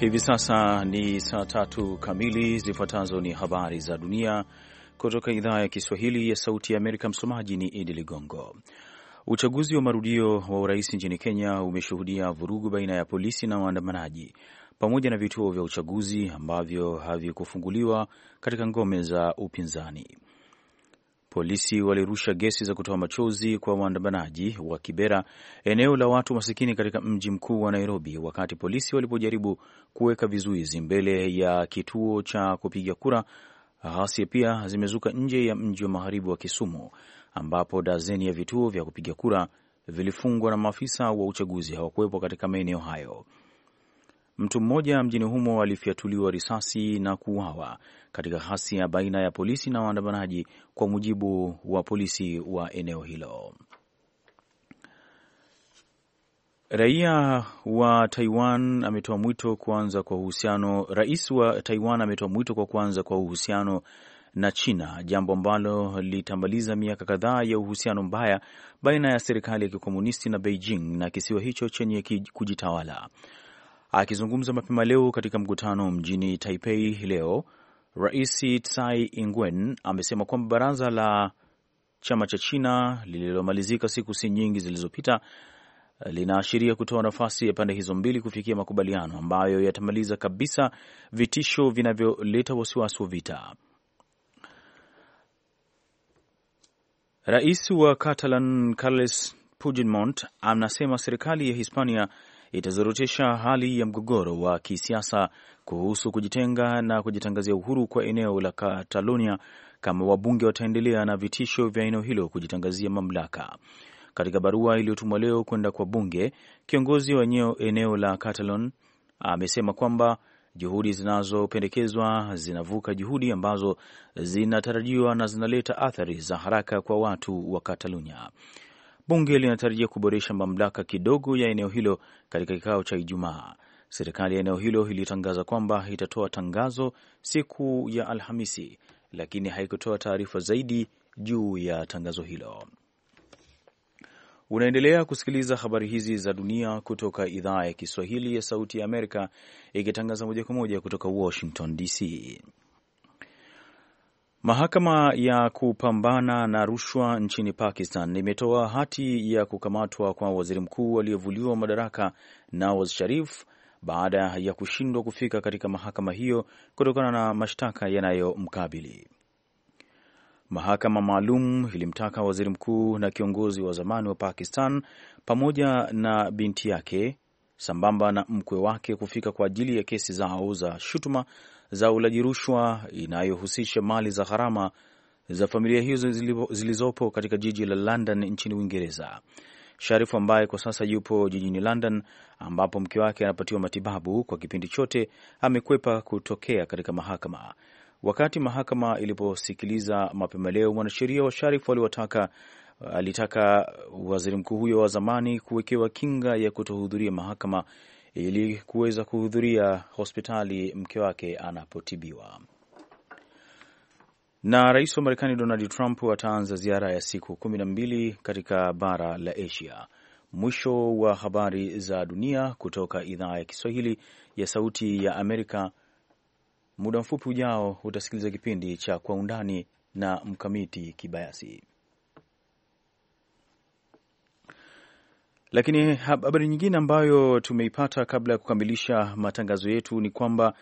Hivi sasa ni saa tatu kamili. Zifuatazo ni habari za dunia kutoka idhaa ya Kiswahili ya Sauti ya Amerika. Msomaji ni Idi Ligongo. Uchaguzi wa marudio wa urais nchini Kenya umeshuhudia vurugu baina ya polisi na waandamanaji pamoja na vituo vya uchaguzi ambavyo havikufunguliwa katika ngome za upinzani. Polisi walirusha gesi za kutoa machozi kwa waandamanaji wa Kibera, eneo la watu masikini katika mji mkuu wa Nairobi, wakati polisi walipojaribu kuweka vizuizi mbele ya kituo cha kupiga kura. Ghasia pia zimezuka nje ya mji wa magharibi wa Kisumu, ambapo dazeni ya vituo vya kupiga kura vilifungwa na maafisa wa uchaguzi hawakuwepo katika maeneo hayo. Mtu mmoja mjini humo alifyatuliwa risasi na kuuawa katika ghasia baina ya polisi na waandamanaji, kwa mujibu wa polisi wa eneo hilo. Raia wa Taiwan ametoa mwito kuanza kwa uhusiano. Rais wa Taiwan ametoa mwito kwa kuanza kwa uhusiano na China, jambo ambalo litamaliza miaka kadhaa ya uhusiano mbaya baina ya serikali ya kikomunisti na Beijing na kisiwa hicho chenye kujitawala. Akizungumza mapema leo katika mkutano mjini Taipei leo, Rais Tsai Ingwen amesema kwamba baraza la chama cha China lililomalizika siku si nyingi zilizopita eh, linaashiria kutoa nafasi ya pande hizo mbili kufikia makubaliano ambayo yatamaliza kabisa vitisho vinavyoleta wasiwasi wa vita. Rais wa Catalan Carles Puigdemont anasema serikali ya Hispania itazorotesha hali ya mgogoro wa kisiasa kuhusu kujitenga na kujitangazia uhuru kwa eneo la Katalonia kama wabunge wataendelea na vitisho vya eneo hilo kujitangazia mamlaka. Katika barua iliyotumwa leo kwenda kwa bunge, kiongozi wa eneo la Catalon amesema kwamba juhudi zinazopendekezwa zinavuka juhudi ambazo zinatarajiwa na zinaleta athari za haraka kwa watu wa katalunia Bunge linatarajia kuboresha mamlaka kidogo ya eneo hilo katika kikao cha Ijumaa. Serikali ya eneo hilo ilitangaza kwamba itatoa tangazo siku ya Alhamisi, lakini haikutoa taarifa zaidi juu ya tangazo hilo. Unaendelea kusikiliza habari hizi za dunia kutoka idhaa ya Kiswahili ya Sauti ya Amerika, ikitangaza moja kwa moja kutoka Washington DC. Mahakama ya kupambana na rushwa nchini Pakistan imetoa hati ya kukamatwa kwa waziri mkuu aliyevuliwa madaraka Nawaz Sharif baada ya kushindwa kufika katika mahakama hiyo kutokana na mashtaka yanayomkabili. Mahakama maalum ilimtaka waziri mkuu na kiongozi wa zamani wa Pakistan pamoja na binti yake sambamba na mkwe wake kufika kwa ajili ya kesi zao za shutuma za ulaji rushwa inayohusisha mali za gharama za familia hizo zilizopo katika jiji la London nchini Uingereza. Sharifu ambaye kwa sasa yupo jijini London ambapo mke wake anapatiwa matibabu kwa kipindi chote amekwepa kutokea katika mahakama. Wakati mahakama iliposikiliza mapema leo, mwanasheria wa Sharifu aliwataka alitaka waziri mkuu huyo wa zamani kuwekewa kinga ya kutohudhuria mahakama ili kuweza kuhudhuria hospitali mke wake anapotibiwa. Na rais wa Marekani Donald Trump ataanza ziara ya siku kumi na mbili katika bara la Asia. Mwisho wa habari za dunia kutoka idhaa ya Kiswahili ya Sauti ya Amerika. Muda mfupi ujao utasikiliza kipindi cha Kwa Undani na Mkamiti Kibayasi. Lakini habari nyingine ambayo tumeipata kabla ya kukamilisha matangazo yetu ni kwamba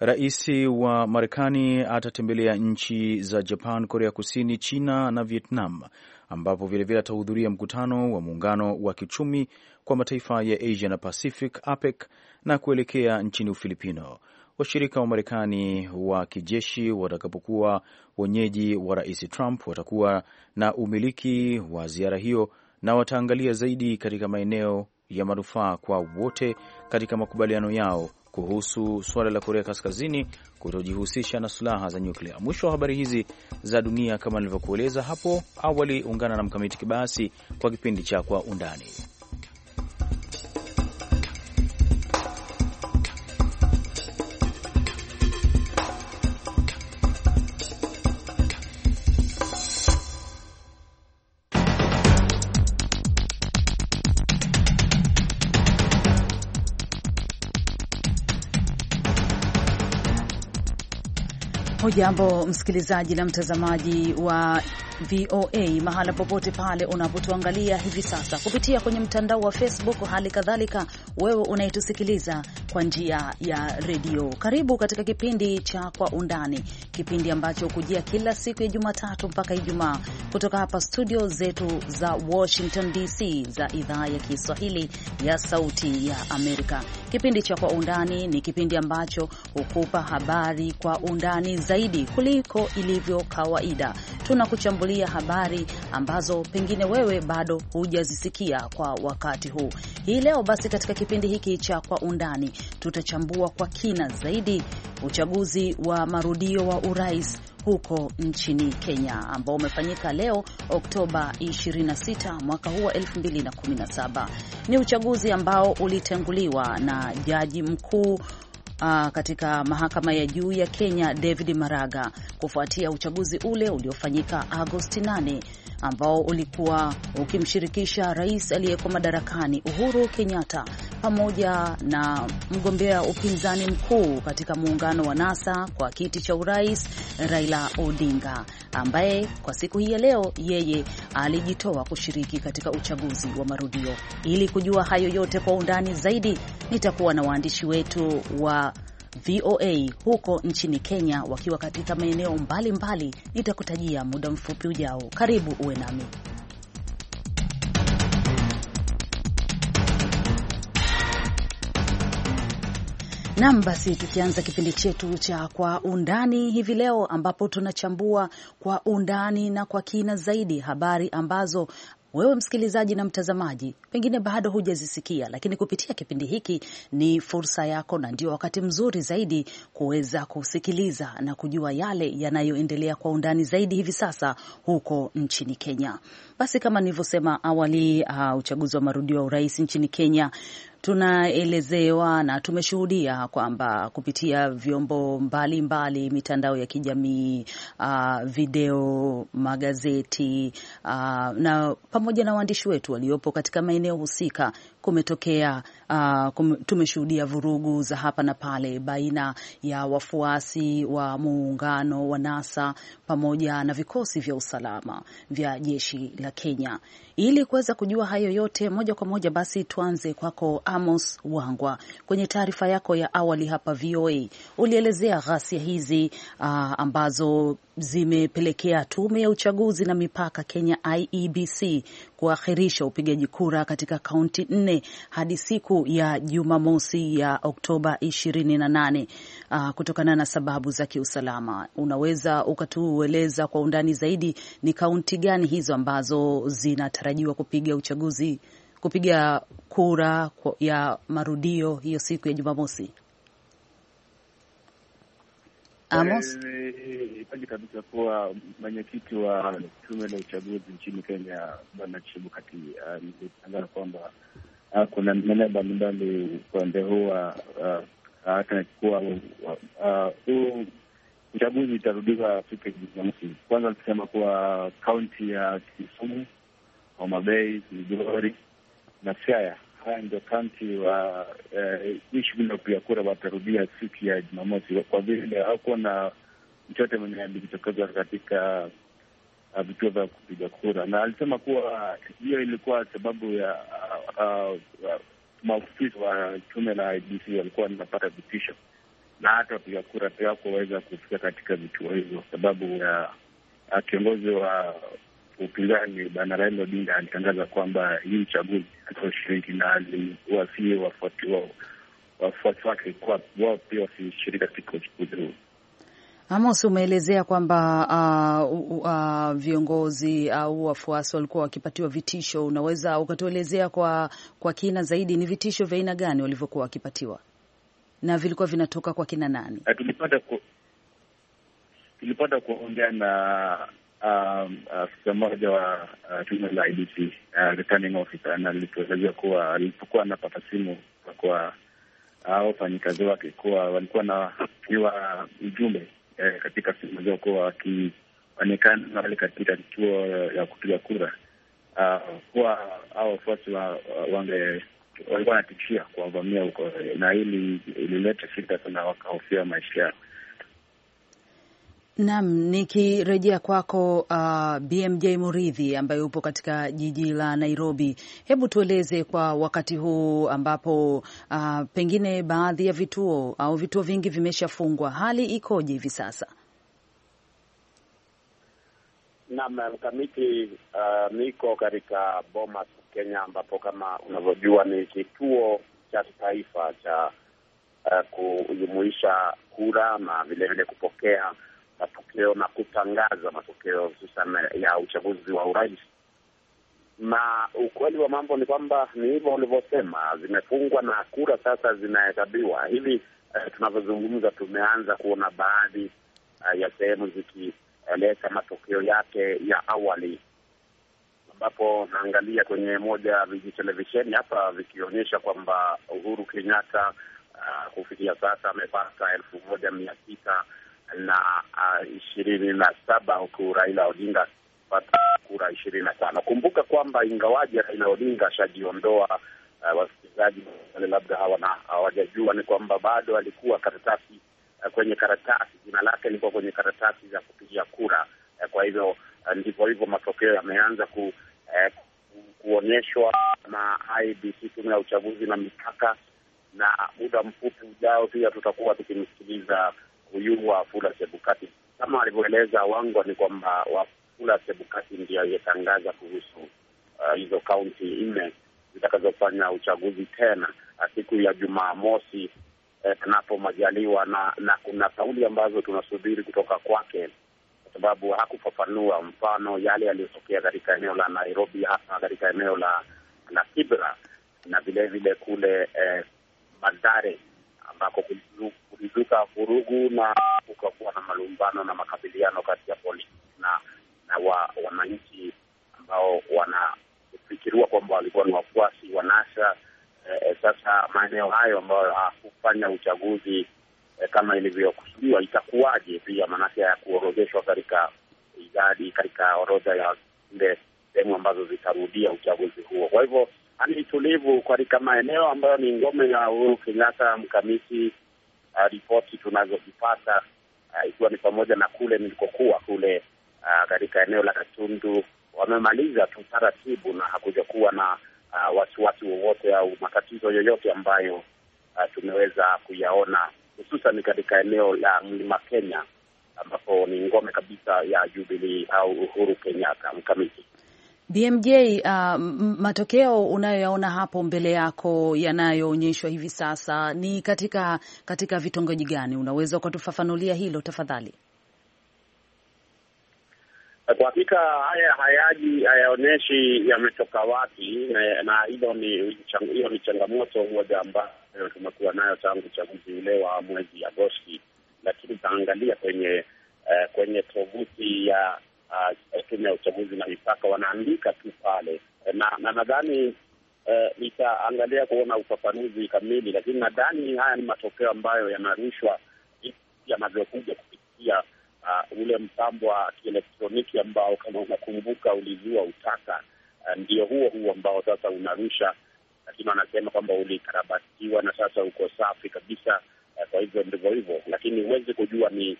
rais wa Marekani atatembelea nchi za Japan, Korea Kusini, China na Vietnam, ambapo vilevile atahudhuria mkutano wa muungano wa kiuchumi kwa mataifa ya Asia na Pacific, APEC, na kuelekea nchini Ufilipino. Washirika wa Marekani wa kijeshi watakapokuwa wenyeji wa rais Trump watakuwa na umiliki wa ziara hiyo na wataangalia zaidi katika maeneo ya manufaa kwa wote katika makubaliano yao kuhusu suala la Korea Kaskazini kutojihusisha na silaha za nyuklia. Mwisho wa habari hizi za dunia, kama nilivyokueleza hapo awali, ungana na Mkamiti Kibayasi kwa kipindi cha Kwa Undani. Hujambo msikilizaji na mtazamaji wa VOA mahala popote pale unapotuangalia hivi sasa kupitia kwenye mtandao wa Facebook, hali kadhalika wewe unayetusikiliza kwa njia ya redio. Karibu katika kipindi cha Kwa Undani, kipindi ambacho hukujia kila siku ya Jumatatu mpaka Ijumaa kutoka hapa studio zetu za Washington DC za idhaa ya Kiswahili ya Sauti ya Amerika. Kipindi cha Kwa Undani ni kipindi ambacho hukupa habari kwa undani zaidi kuliko ilivyo kawaida. Tunakuchambulia habari ambazo pengine wewe bado hujazisikia kwa wakati huu. Hii leo basi, katika kipindi hiki cha Kwa Undani tutachambua kwa kina zaidi uchaguzi wa marudio wa urais huko nchini Kenya ambao umefanyika leo Oktoba 26 mwaka huu wa 2017. Ni uchaguzi ambao ulitenguliwa na jaji mkuu Uh, katika mahakama ya juu ya Kenya David Maraga kufuatia uchaguzi ule uliofanyika Agosti 8 ambao ulikuwa ukimshirikisha rais aliyekuwa madarakani Uhuru Kenyatta pamoja na mgombea upinzani mkuu katika muungano wa NASA kwa kiti cha urais Raila Odinga, ambaye kwa siku hii ya leo yeye alijitoa kushiriki katika uchaguzi wa marudio. Ili kujua hayo yote kwa undani zaidi, nitakuwa na waandishi wetu wa VOA huko nchini Kenya, wakiwa katika maeneo mbalimbali. Nitakutajia muda mfupi ujao. Karibu uwe nami. Nam, basi tukianza kipindi chetu cha Kwa Undani hivi leo, ambapo tunachambua kwa undani na kwa kina zaidi habari ambazo wewe msikilizaji na mtazamaji pengine bado hujazisikia, lakini kupitia kipindi hiki ni fursa yako na ndio wakati mzuri zaidi kuweza kusikiliza na kujua yale yanayoendelea kwa undani zaidi hivi sasa huko nchini Kenya. Basi kama nilivyosema awali, uh, uchaguzi wa marudio wa urais nchini Kenya tunaelezewa na tumeshuhudia kwamba kupitia vyombo mbalimbali mbali, mitandao ya kijamii uh, video, magazeti uh, na pamoja na waandishi wetu waliopo katika maeneo husika kumetokea uh, kum, tumeshuhudia vurugu za hapa na pale baina ya wafuasi wa muungano wa NASA pamoja na vikosi vya usalama vya jeshi la Kenya. Ili kuweza kujua hayo yote moja kwa moja, basi tuanze kwako Amos Wangwa. Kwenye taarifa yako ya awali hapa VOA ulielezea ghasia hizi uh, ambazo zimepelekea tume ya uchaguzi na mipaka Kenya IEBC kuakhirisha upigaji kura katika kaunti nne hadi siku ya Jumamosi ya Oktoba 28 uh, ah, kutokana na sababu za kiusalama. Unaweza ukatueleza kwa undani zaidi ni kaunti gani hizo ambazo zina wanatarajiwa kupiga uchaguzi kupiga kura ya marudio hiyo siku ya Jumamosi. Amos, ipaji kabisa kuwa mwenyekiti wa tume la uchaguzi nchini Kenya Bwana Chebukati alitangaza kwamba ah, kuna maeneo mbalimbali upande huu ah, ah, kuwa huu uchaguzi itarudiwa siku ya Jumamosi. Kwanza alisema kuwa kaunti ya Kisumu Homa Bay, Migori na Siaya. Haya ndio kaunti wa eh, shughuli ya upiga kura watarudia siku ya Jumamosi, kwa vile hakuwa na mchote mwenye alijitokeza katika ah, vituo vya kupiga kura, na alisema kuwa hiyo ilikuwa sababu ya uh, ah, uh, ah, maofisa wa tume la IBC walikuwa wanapata vitisho na hata wapiga kura pia kuweza kufika katika vituo hivyo sababu ya kiongozi wa upinzani Bwana Raila Odinga alitangaza kwamba hii uchaguzi atashiriki na aliwasie wafuasi wao wafuasi wake wao pia wasishiriki katika uchaguzi huu. Amos, umeelezea kwamba uh, uh, viongozi au uh, wafuasi walikuwa wakipatiwa vitisho. Unaweza ukatuelezea kwa kwa kina zaidi, ni vitisho vya aina gani walivyokuwa wakipatiwa na vilikuwa vinatoka kwa kina nani? tulipata kuongea na Um, afisa mmoja wa uh, tume la IDC uh, returning officer, na alituelezea kuwa alipokuwa anapata simu kwa uh, wafanyikazi wake kuwa walikuwa nakiwa ujumbe eh, katika simu zao kuwa wakionekana wale katika kituo ya kupiga kura kuwa au wafuasi wange walikuwa wanatishia kuwavamia huko, na hili ilileta shida sana, wakahofia maisha yao. Naam, nikirejea kwako uh, BMJ Muridhi ambaye upo katika jiji la Nairobi, hebu tueleze kwa wakati huu ambapo uh, pengine baadhi ya vituo au vituo vingi vimeshafungwa, hali ikoje hivi sasa? Naam, mkamiti uh, niko katika Bomas, Kenya, ambapo kama unavyojua ni kituo cha kitaifa cha uh, kujumuisha kura na vilevile kupokea matokeo na kutangaza matokeo hususan ya uchaguzi wa urais. Na ukweli wa mambo ni kwamba ni hivyo ulivyosema, zimefungwa na kura sasa zinahesabiwa hivi. Uh, tunavyozungumza tumeanza kuona baadhi uh, ya sehemu zikileta matokeo yake ya awali, ambapo naangalia kwenye moja ya vijitelevisheni hapa vikionyesha kwamba Uhuru Kenyatta uh, kufikia sasa amepata elfu moja mia sita na uh, ishirini uh, na saba huku Raila Odinga akipata kura ishirini na tano. Kumbuka kwamba ingawaje Raila Odinga ashajiondoa, uh, wasikilizaji wale labda hawana hawajajua ni kwamba bado alikuwa karatasi uh, kwenye karatasi, jina lake ilikuwa kwenye karatasi za kupigia kura uh, kwa hivyo uh, ndivyo hivyo matokeo yameanza ku, uh, kuonyeshwa na IBC, tume ya uchaguzi na mipaka, na muda mfupi ujao pia tutakuwa tukimsikiliza huyu Wafula Sebukati. Kama alivyoeleza Wangwa ni kwamba Wafula sebukati ndio aliyetangaza kuhusu uh, hizo kaunti nne zitakazofanya uchaguzi tena uh, siku ya Jumamosi eh, panapo eh, majaliwa na, na kuna kauli ambazo tunasubiri kutoka kwake kwa sababu hakufafanua mfano yale yaliyotokea katika eneo la Nairobi, hasa katika eneo la la Kibra na vilevile kule eh, Mathare ambako kulizuka vurugu na kukakuwa na malumbano na makabiliano kati ya polisi na, na wa, wananchi ambao wanafikiriwa kwamba walikuwa ni wafuasi wa NASA. E, sasa maeneo hayo ambayo hakufanya uchaguzi e, kama ilivyokusudiwa itakuwaje? Pia maanake ya kuorodheshwa katika idadi katika orodha ya zile sehemu ambazo zitarudia uchaguzi huo. Kwa hivyo hali tulivu katika maeneo ambayo ni ngome ya Uhuru Kenyatta. Mkamiti, ah, ripoti tunazozipata ah, ikiwa ni pamoja na kule nilikokuwa kule ah, katika eneo la Katundu, wamemaliza tu taratibu na hakuja kuwa na wasiwasi wowote au matatizo yoyote ambayo tumeweza kuyaona hususan katika eneo la mlima Kenya ambapo ni ngome kabisa ya Jubilee au Uhuru Kenyatta. Mkamiti BMJ, uh, matokeo unayoyaona hapo mbele yako yanayoonyeshwa hivi sasa ni katika katika vitongoji gani? Unaweza ukatufafanulia hilo tafadhali? Eh, kwa hakika haya hayaji hayaonyeshi yametoka wapi, na hilo ni hiyo ni changamoto moja ambayo tumekuwa nayo tangu uchaguzi ule wa mwezi Agosti, lakini utaangalia kwenye eh, kwenye tovuti ya Uh, tume ya uchaguzi na mipaka wanaandika tu pale, eh, na nadhani eh, nitaangalia uh, kuona ufafanuzi kamili, lakini nadhani haya ni matokeo ambayo yanarushwa yanavyokuja kupitia uh, ule mtambo wa kielektroniki ambao kama unakumbuka ulizua utata. Uh, ndio huo huo ambao sasa unarusha, lakini wanasema kwamba ulikarabatiwa na sasa uko safi kabisa. Kwa hivyo ndivyo hivyo, lakini huwezi kujua ni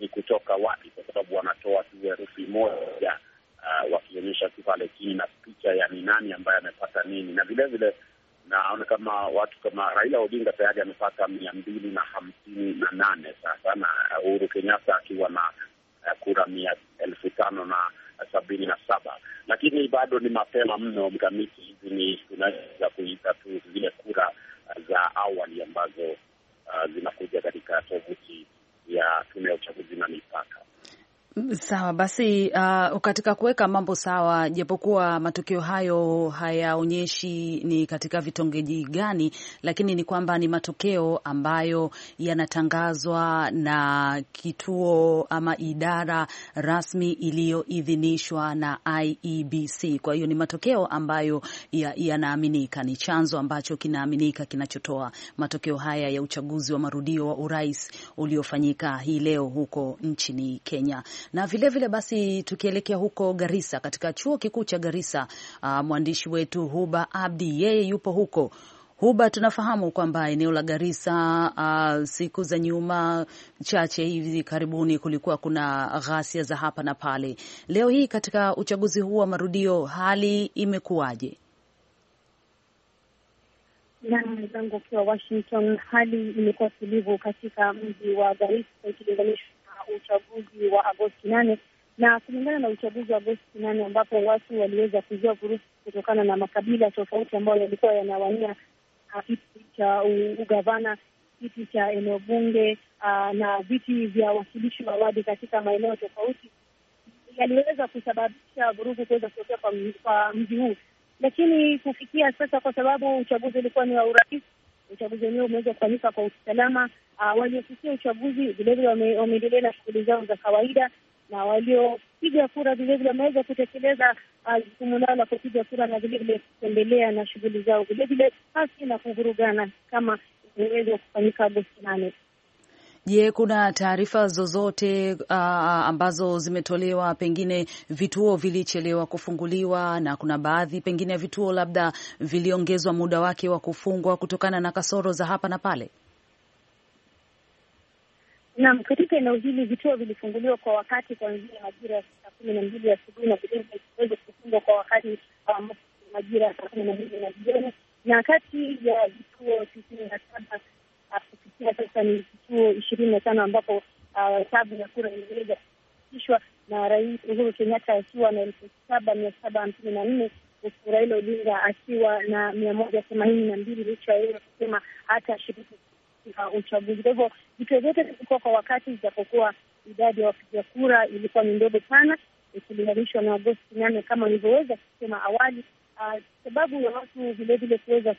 ni kutoka wapi, kwa sababu wanatoa tu herufi moja uh, wakionyesha tu pale chini na picha ya ni nani ambaye amepata nini, na vilevile naona kama watu kama Raila Odinga tayari amepata mia mbili na hamsini na nane sasa na Uhuru Kenyatta akiwa na uh, kura mia elfu tano na sabini na saba lakini bado ni mapema mno mkamiti. Hizi ni tunaweza kuita tu zile kura za awali ambazo uh, zinakuja katika tovuti ya Tume ya Uchaguzi na Mipaka. Sawa basi, uh, katika kuweka mambo sawa, japokuwa matukio hayo hayaonyeshi ni katika vitongeji gani, lakini ni kwamba ni matokeo ambayo yanatangazwa na kituo ama idara rasmi iliyoidhinishwa na IEBC. Kwa hiyo ni matokeo ambayo yanaaminika, ya ni chanzo ambacho kinaaminika kinachotoa matokeo haya ya uchaguzi wa marudio wa urais uliofanyika hii leo huko nchini Kenya. Na vilevile vile basi tukielekea huko Garissa, katika chuo kikuu cha Garissa, uh, mwandishi wetu Huba Abdi yeye yupo huko. Huba, tunafahamu kwamba eneo la Garissa uh, siku za nyuma chache hivi karibuni kulikuwa kuna ghasia za hapa na pale. Leo hii katika uchaguzi huu wa marudio hali imekuwaje? Na mwenzangu akiwa Washington, hali imekuwa tulivu katika mji wa Garissa ikilinganishwa uchaguzi wa Agosti nane na kulingana na uchaguzi wa Agosti nane ambapo watu waliweza kuzua vurugu kutokana na makabila tofauti ambayo yalikuwa yanawania ah, kiti cha ugavana, kiti cha eneo bunge ah, na viti vya wakilishi wa wadi katika maeneo tofauti, yaliweza kusababisha vurugu kuweza kutokea kwa mji huu, lakini kufikia sasa, kwa sababu uchaguzi ulikuwa ni wa urahisi uchaguzi wenyewe umeweza kufanyika kwa usalama. Uh, ah, waliofikia uchaguzi vilevile wameendelea na shughuli zao za kawaida, na waliopiga kura vilevile wameweza kutekeleza ah, jukumu lao la kupiga kura na vilevile kuendelea na shughuli zao vilevile, pasi na kuvurugana kama imeweza kufanyika Agosti nane. Je, kuna taarifa zozote uh, ambazo zimetolewa, pengine vituo vilichelewa kufunguliwa na kuna baadhi pengine ya vituo labda viliongezwa muda wake wa kufungwa kutokana na kasoro za hapa na pale? Naam, katika eneo hili vituo vilifunguliwa kwa wakati kuanzia majira ya saa kumi na mbili asubuhi na vilevile kufungwa kwa wakati ah, majira ya saa kumi na mbili na jioni, na kati ya vituo tisini na saba kufikia sasa ni vituo ishirini na tano ambapo hesabu uh, ya kura iliweza kufikishwa na Rais Uhuru Kenyatta akiwa na elfu saba mia saba hamsini na nne huku Raila Odinga akiwa na mia moja themanini na mbili licha ya yeye kusema hata shiriki katika uchaguzi. Kwa hivyo vituo vyote vilikuwa kwa wakati, ijapokuwa idadi ya wapiga kura ilikuwa ni ndogo sana ikilinganishwa na Agosti nane kama ilivyoweza kusema awali, uh, sababu ya watu vilevile kuweza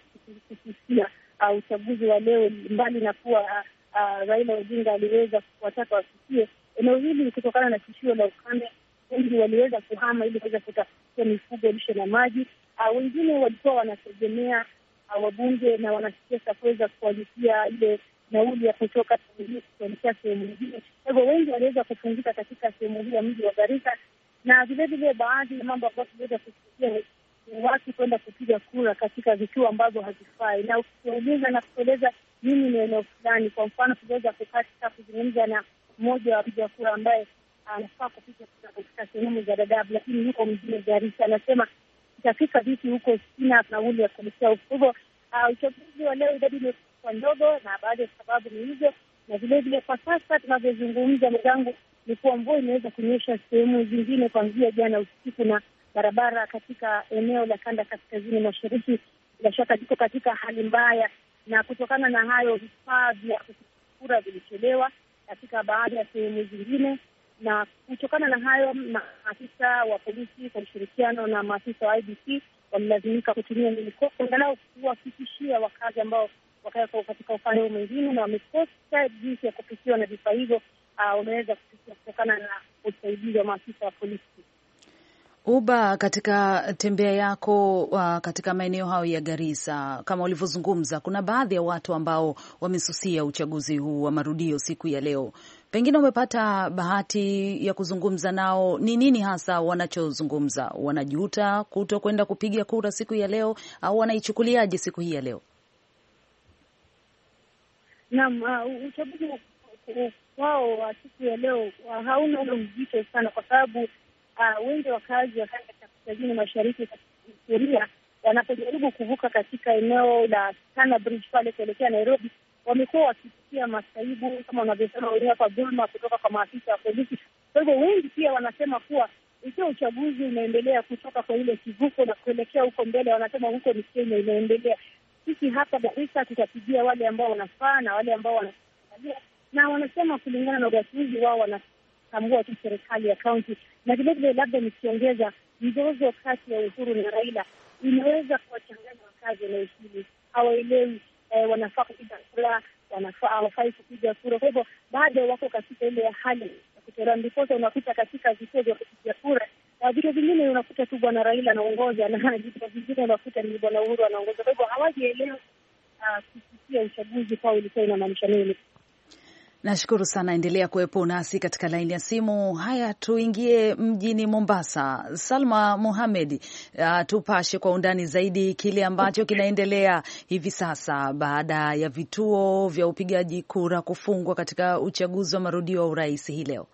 kususia uh, uchaguzi wa leo, mbali na kuwa uh, uh, Raila Odinga aliweza kuwataka wafikie eneo hili kutokana na tishio la ukame, wengi waliweza kuhama ili kuweza kutafuta mifugo, lishe na maji. Uh, wengine walikuwa wanategemea uh, wabunge na wanasiasa kuweza kuwalipia ile nauli ya kutoka kuelekea sehemu nyingine. Kwa hivyo wengi waliweza kufungika katika sehemu hii ya mji wa Garissa, na vilevile baadhi ya mambo ambayo tuliweza kusikia watu kwenda kupiga kura katika vituo ambavyo havifai, na ukiuliza na kueleza mimi ni eneo fulani. Kwa mfano, tuliweza kukaa kuzungumza na mmoja wa wapiga kura ambaye anafaa kupiga kura katika sehemu za dadabu lakini yuko mjini Garissa, anasema itafika vipi huko, sina nauli ya kuelekea Kwa hivyo uchaguzi wa leo idadi imekuwa ndogo, na baadhi ya sababu ni hizo, na vilevile kwa sasa tunavyozungumza, mwenzangu, ni kuwa mvua imeweza kunyesha sehemu zingine kuanzia jana usiku na barabara katika eneo la kanda kaskazini mashariki bila shaka ziko katika hali mbaya, na kutokana na hayo vifaa vya kura vilichelewa katika baadhi ya sehemu zingine, na kutokana na hayo maafisa wa polisi kwa ushirikiano na maafisa wa IBC wamelazimika kutumia helikopta angalau kuwafikishia wakazi ambao wakaeko katika upande huu mwingine na wamekosa jinsi ya kufikiwa na vifaa hivyo, ah, wameweza kufikia kutokana na usaidizi wa maafisa wa polisi. Uba, katika tembea yako uh, katika maeneo hayo ya Garissa, kama ulivyozungumza, kuna baadhi ya watu ambao wamesusia uchaguzi huu wa marudio siku ya leo. Pengine umepata bahati ya kuzungumza nao, ni nini hasa wanachozungumza? Wanajuta kuto kwenda kupiga kura siku ya leo, au wanaichukuliaje siku hii ya leo? Naam, uh, uchaguzi wao wa siku ya leo uh, hauna ule mzito sana, kwa sababu uh, wengi wakazi wa kanda ya kaskazini mashariki Nigeria wanapojaribu kuvuka katika eneo la Stanabridge pale kuelekea Nairobi, wamekuwa wakipitia masaibu kama wanavyosema wenyewe kwa dhulma kutoka kwa maafisa wa polisi. Kwa hivyo wengi pia wanasema kuwa ikiwa uchaguzi unaendelea kutoka kwa ile kivuko na kuelekea huko mbele, wanasema huko ni Kenya inaendelea. Sisi hapa Garissa tutapigia wale ambao wanafaa na wale ambao wanaa na wanasema kulingana na ugatuzi wao wana kutambua tu serikali ya kaunti, na vilevile labda nikiongeza, mzozo kati ya Uhuru na Raila imeweza kuwachanganya wakazi eneo hili, hawaelewi eh, wanafaa kupiga kura, wanafaa hawafai kupiga kura. Kwa hivyo bado wako katika ile hali ya kutolewa, ndiposa unakuta katika vituo vya kupiga kura na vitu vingine unakuta tu bwana Raila anaongoza na vitu vingine unakuta ni bwana Uhuru anaongoza. Kwa hivyo hawajielewa ah, kupitia uchaguzi kwao ilikuwa inamaanisha nini. Nashukuru sana, endelea kuwepo nasi katika laini ya simu. Haya, tuingie mjini Mombasa. Salma Muhamed, uh, tupashe kwa undani zaidi kile ambacho kinaendelea hivi sasa baada ya vituo vya upigaji kura kufungwa katika uchaguzi wa marudio wa urais hii leo.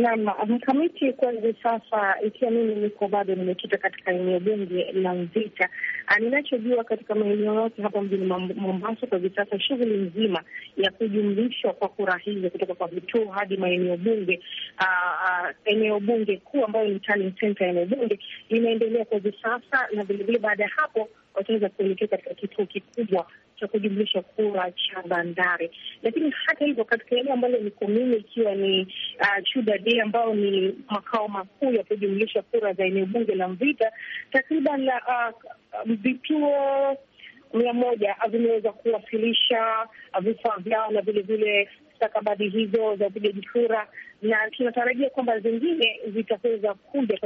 Naam, mkamiti kwa hivi sasa, ikiwa mimi niko bado nimekita katika eneo bunge la Mvita, ah, ninachojua katika maeneo yote hapa mjini Mombasa kwa hivi sasa, shughuli nzima ya kujumlishwa kwa kura hizo kutoka kwa vituo hadi maeneo bunge, ah, ah, eneo bunge kuu ambayo ni center ya eneo bunge, linaendelea kwa hivi sasa, na vilevile baada ya hapo wataweza kuelekea katika kituo kikubwa cha kujumlisha kura cha bandari. Lakini hata hivyo, katika eneo ambalo niko mimi, ikiwa ni uh, Chuda D ambao ni makao makuu ya kujumlisha kura za eneo bunge la Mvita, takriban uh, uh, vituo mia moja vimeweza kuwasilisha vifaa vyao na vilevile stakabadhi hizo za upigaji kura, na tunatarajia kwamba zingine zitaweza kuja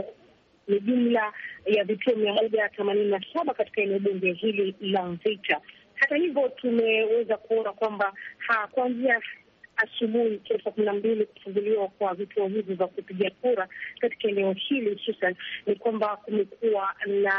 ni jumla ya vituo mia moja themanini na saba katika eneo bunge hili la Mvita. Hata hivyo tumeweza kuona kwamba kuanzia asubuhi kesho kumi na mbili kufunguliwa kwa vituo hivi vya kupiga kura katika eneo hili hususan, ni kwamba kumekuwa na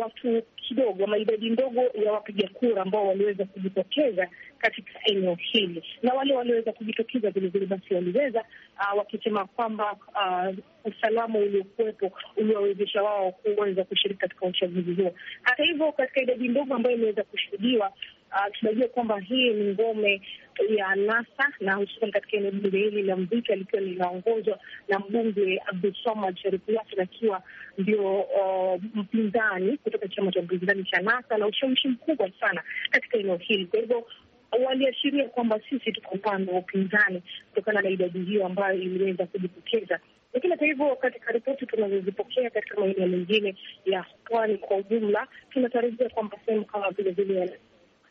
watu kidogo ama idadi ndogo ya wapiga kura ambao waliweza kujitokeza katika eneo hili, na wale waliweza kujitokeza vilevile basi waliweza uh, wakisema kwamba uh, usalama uliokuwepo uliwawezesha wao kuweza kushiriki katika uchaguzi huo. Hata hivyo, katika idadi ndogo ambayo imeweza kushuhudiwa uh, tunajua kwamba hii ni ngome ya NASA na hususan katika eneo bunge hili la Mvita likiwa linaongozwa na mbunge Abdulswamad Sharifu Yasin akiwa ndio uh, mpinzani kutoka chama cha upinzani cha NASA na ushawishi mkubwa sana katika eneo hili. Kwa hivyo waliashiria kwamba sisi tuko upande wa upinzani kutokana na idadi hiyo ambayo iliweza kujitokeza. Lakini hata hivyo, katika ripoti tunazozipokea katika maeneo mengine ya pwani kwa ujumla, tunatarajia kwamba sehemu kama vile vile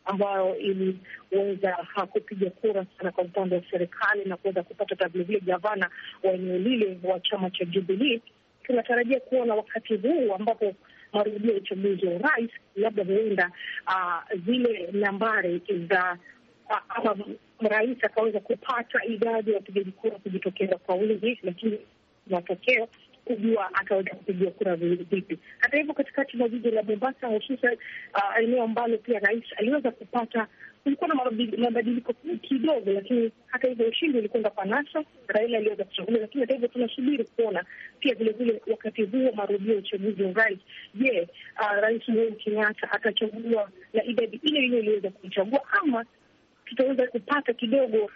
ambayo iliweza hakupiga kura sana kwa upande wa serikali na kuweza kupata hata vilevile gavana wa eneo lile wa chama cha Jubilee. Tunatarajia kuona wakati huu ambapo marudio ya uchaguzi wa urais labda huenda uh, zile nambari za uh, ama rais akaweza kupata idadi ya wapigaji kura kujitokeza kwa wingi, lakini matokeo kujua ataweza kupigia kura vipi. Hata hivyo, katikati mwa jiji la Mombasa, hususan uh, eneo ambalo pia rais aliweza kupata, kulikuwa na mabadiliko kidogo, lakini hata hivyo ushindi ulikwenda kwa NASA. Raila aliweza kuchaguliwa, lakini hata hivyo tunasubiri kuona pia vilevile wakati huo marudio ya uchaguzi wa urais. Je, uh, rais Uhuru Kenyatta atachaguliwa na idadi ile ile iliweza kumchagua ama tutaweza kupata kidogo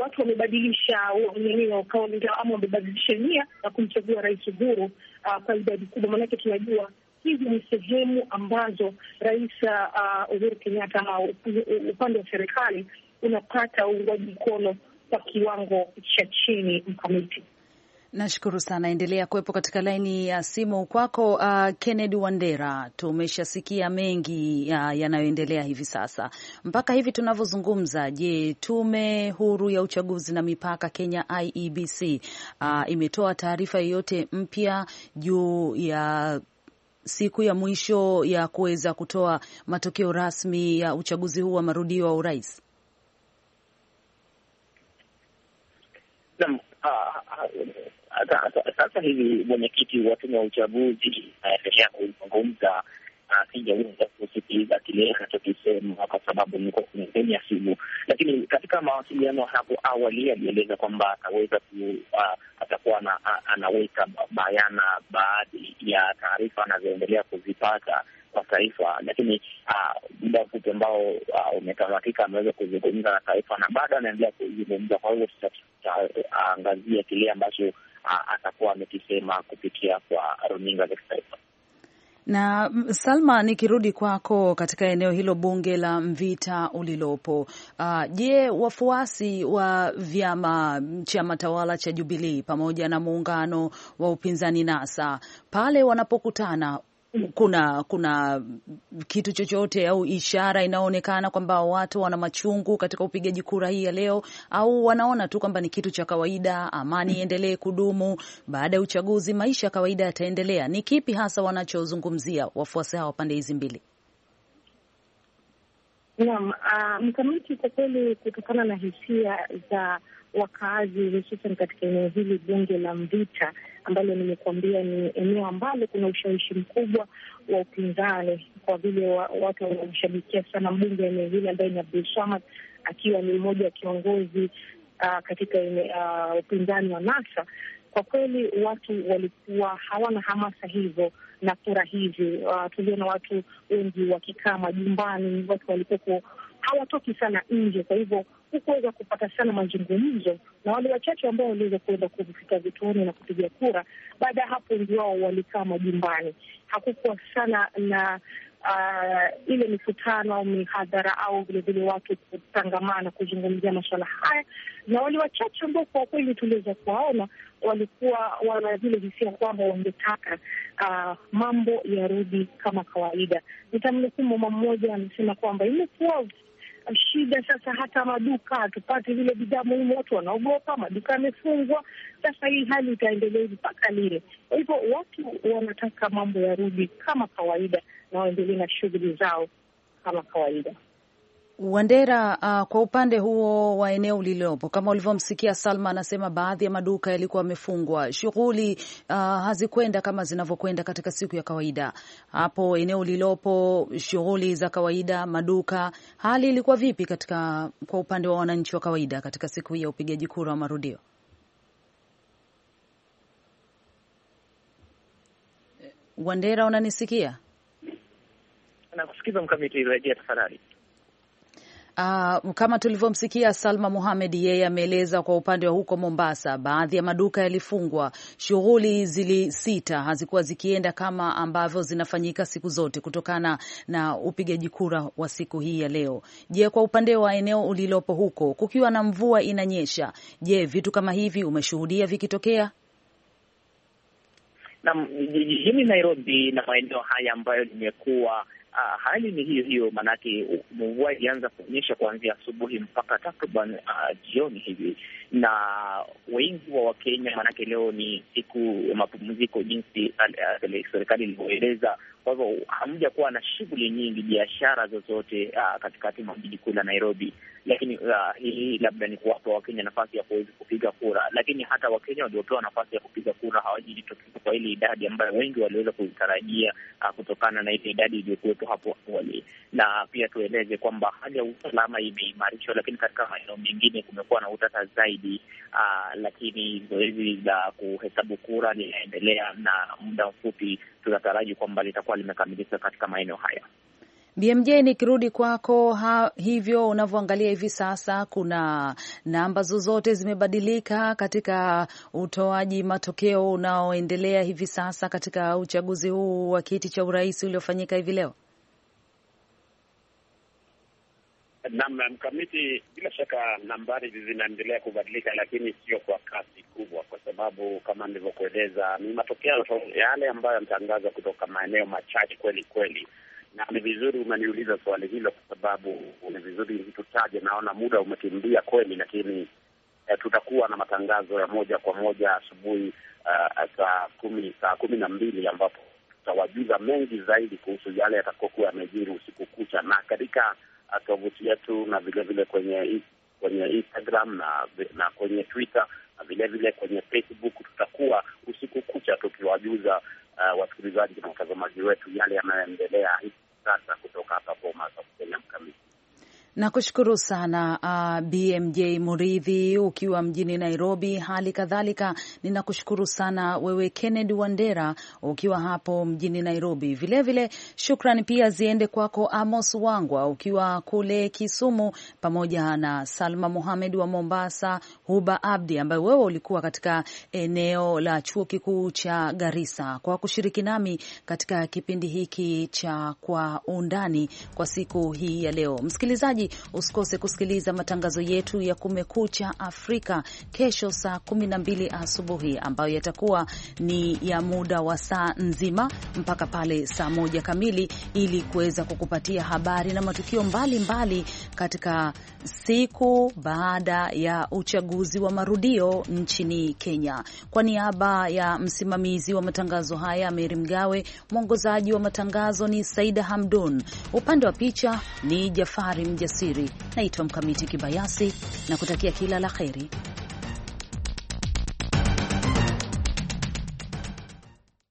watu wamebadilisha nyeneo kawaida, ama wamebadilisha nia na kumchagua Rais Uhuru uh, kwa idadi kubwa, maanake tunajua hizi ni sehemu ambazo Rais uh, Uhuru Kenyatta ama upande wa serikali unapata uungwaji mkono kwa kiwango cha chini mkamiti. Nashukuru sana, endelea kuwepo katika laini ya simu kwako. Uh, Kennedy Wandera, tumeshasikia mengi uh, yanayoendelea hivi sasa mpaka hivi tunavyozungumza. Je, tume huru ya uchaguzi na mipaka Kenya IEBC uh, imetoa taarifa yoyote mpya juu ya siku ya mwisho ya kuweza kutoa matokeo rasmi ya uchaguzi huu wa marudio wa urais? Naam. Uh, uh, sasa hivi mwenyekiti wa tume ya uchaguzi anaendelea kuzungumza, sijaweza kusikiliza kile anachokisema kwa sababu niko kwenye ya simu, lakini katika mawasiliano hapo awali alieleza kwamba ataweza ku atakuwa anaweka bayana baadhi ya taarifa anazoendelea kuzipata kwa taifa, lakini muda mfupi ambao umetamatika ameweza kuzungumza na taifa na bado anaendelea kuzungumza. Kwa hivyo tutaangazia kile ambacho atakuwa amekisema kupitia kwa runinga za kitaifa. Na mm, Salma, nikirudi kwako katika eneo hilo bunge la Mvita ulilopo, uh, je, wafuasi wa vyama chama tawala cha Jubilii pamoja na muungano wa upinzani NASA pale wanapokutana kuna kuna kitu chochote au ishara inaonekana kwamba watu wana machungu katika upigaji kura hii ya leo, au wanaona tu kwamba ni kitu cha kawaida, amani iendelee kudumu baada ya uchaguzi, maisha ya kawaida yataendelea? Ni kipi hasa wanachozungumzia wafuasi hawa pande hizi mbili? Naam, uh, mkamiti, kwa kweli, kutokana na hisia za wakaazi hususan katika eneo hili bunge la Mvita ambalo nimekuambia ni eneo ambalo kuna ushawishi mkubwa wa upinzani, kwa vile watu wanamshabikia sana mbunge wa eneo hili ambaye ni Abdul Swamad, akiwa ni mmoja wa kiongozi uh, katika uh, upinzani wa NASA. Kwa kweli watu walikuwa hawana hamasa hivyo na kura hizi. Uh, tuliona watu wengi wakikaa majumbani, watu walipoko hawatoki sana nje, kwa hivyo hukuweza kupata sana mazungumzo na wale wachache ambao waliweza kuenda kufika vituoni na kupiga kura. Baada ya hapo, wengi wao walikaa majumbani, hakukuwa sana na uh, ile mikutano au mihadhara au vilevile watu kutangamana kuzungumzia masuala haya, na wale wachache ambao kwa kweli tuliweza kuwaona walikuwa wana vile hisia kwamba wangetaka uh, mambo yarudi kama kawaida. Nitamnukumu mama mmoja amesema kwamba imekuwa shida sasa, hata maduka hatupate vile bidhaa muhimu, watu wanaogopa, maduka yamefungwa. Sasa hii hali itaendelea hivi mpaka lile Kwa hivyo watu wanataka mambo yarudi kama kawaida na waendelee na shughuli zao kama kawaida. Wandera, uh, kwa upande huo wa eneo lililopo, kama ulivyomsikia Salma anasema baadhi ya maduka yalikuwa yamefungwa, shughuli uh, hazikwenda kama zinavyokwenda katika siku ya kawaida. Hapo eneo lililopo, shughuli za kawaida, maduka, hali ilikuwa vipi katika kwa upande wa wananchi wa kawaida katika siku hii ya upigaji kura wa marudio? Wandera, unanisikia? Nakusikiza mkamiti, rejea tafadhali. Uh, kama tulivyomsikia Salma Mohamed, yeye ameeleza kwa upande wa huko Mombasa, baadhi ya maduka yalifungwa, shughuli zilisita, hazikuwa zikienda kama ambavyo zinafanyika siku zote kutokana na upigaji kura wa siku hii ya leo. Je, kwa upande wa eneo ulilopo huko, kukiwa na mvua inanyesha, je, vitu kama hivi umeshuhudia vikitokea? Na jijini Nairobi na maeneo haya ambayo limekuwa Uh, hali ni hiyo hiyo, maanake mvua ilianza kuonyesha kuanzia asubuhi mpaka takriban uh, jioni hivi na we wengi wa Wakenya, maanake leo ni siku ya mapumziko jinsi eh, serikali ilivyoeleza. Kwa hivyo hamja kuwa na shughuli nyingi, biashara zozote ah, katikati mwa jiji kuu la Nairobi, lakini uh, hii labda ni kuwapa Wakenya nafasi ya kuweza kupiga kura, lakini hata Wakenya waliopewa nafasi ya kupiga kura hawajajitokeza kwa ile idadi ambayo wengi waliweza kuitarajia uh, kutokana na ile idadi iliyokuwepo hapo awali. Na pia tueleze kwamba hali ya usalama imeimarishwa, lakini katika maeneo mengine kumekuwa na utata zaidi uh, lakini lakini zoezi la kuhesabu kura linaendelea na muda mfupi tunataraji kwamba litakuwa limekamilika katika maeneo haya. BMJ, nikirudi kwako ha, hivyo unavyoangalia hivi sasa, kuna namba zozote zimebadilika katika utoaji matokeo unaoendelea hivi sasa katika uchaguzi huu wa kiti cha urais uliofanyika hivi leo? Naam, mkamiti, bila shaka nambari zinaendelea kubadilika, lakini sio kwa kasi kubwa, kwa sababu kama nilivyokueleza ni matokeo yale ambayo yametangazwa kutoka maeneo machache kweli kweli, na ni vizuri umeniuliza swali hilo, kwa sababu ni vizuri tutaje. Naona muda umekimbia kweli, lakini eh, tutakuwa na matangazo ya moja kwa moja asubuhi uh, saa kumi saa kumi na mbili ambapo tutawajuza mengi zaidi kuhusu yale yatakokuwa yamejiri usiku kucha na katika tovuti yetu na vilevile kwenye kwenye Instagram na na kwenye Twitter na vilevile kwenye Facebook. Tutakuwa usiku kucha tukiwajuza uh, wasikilizaji na watazamaji wetu yale yanayoendelea hivi sasa kutoka hapa Bomas of Kenya mkamiti Nakushukuru sana uh, BMJ Muridhi ukiwa mjini Nairobi. Hali kadhalika ninakushukuru sana wewe Kennedy Wandera ukiwa hapo mjini Nairobi vilevile. Shukran pia ziende kwako Amos Wangwa ukiwa kule Kisumu, pamoja na Salma muhamed wa Mombasa, Huba Abdi ambaye wewe ulikuwa katika eneo la chuo kikuu cha Garissa kwa kushiriki nami katika kipindi hiki cha Kwa Undani kwa siku hii ya leo, msikilizaji msikilizaji, usikose kusikiliza matangazo yetu ya Kumekucha Afrika kesho saa mbili asubuhi, ambayo yatakuwa ni ya muda wa saa nzima mpaka pale saa moja kamili, ili kuweza kukupatia habari na matukio mbalimbali mbali katika siku baada ya uchaguzi wa marudio nchini Kenya. Kwa niaba ya msimamizi wa matangazo haya Meri Mgawe, mwongozaji wa matangazo ni Saida Hamdun, upande wa picha ni Jafari Mjasa alasiri. Naitwa Mkamiti Kibayasi na kutakia kila la heri.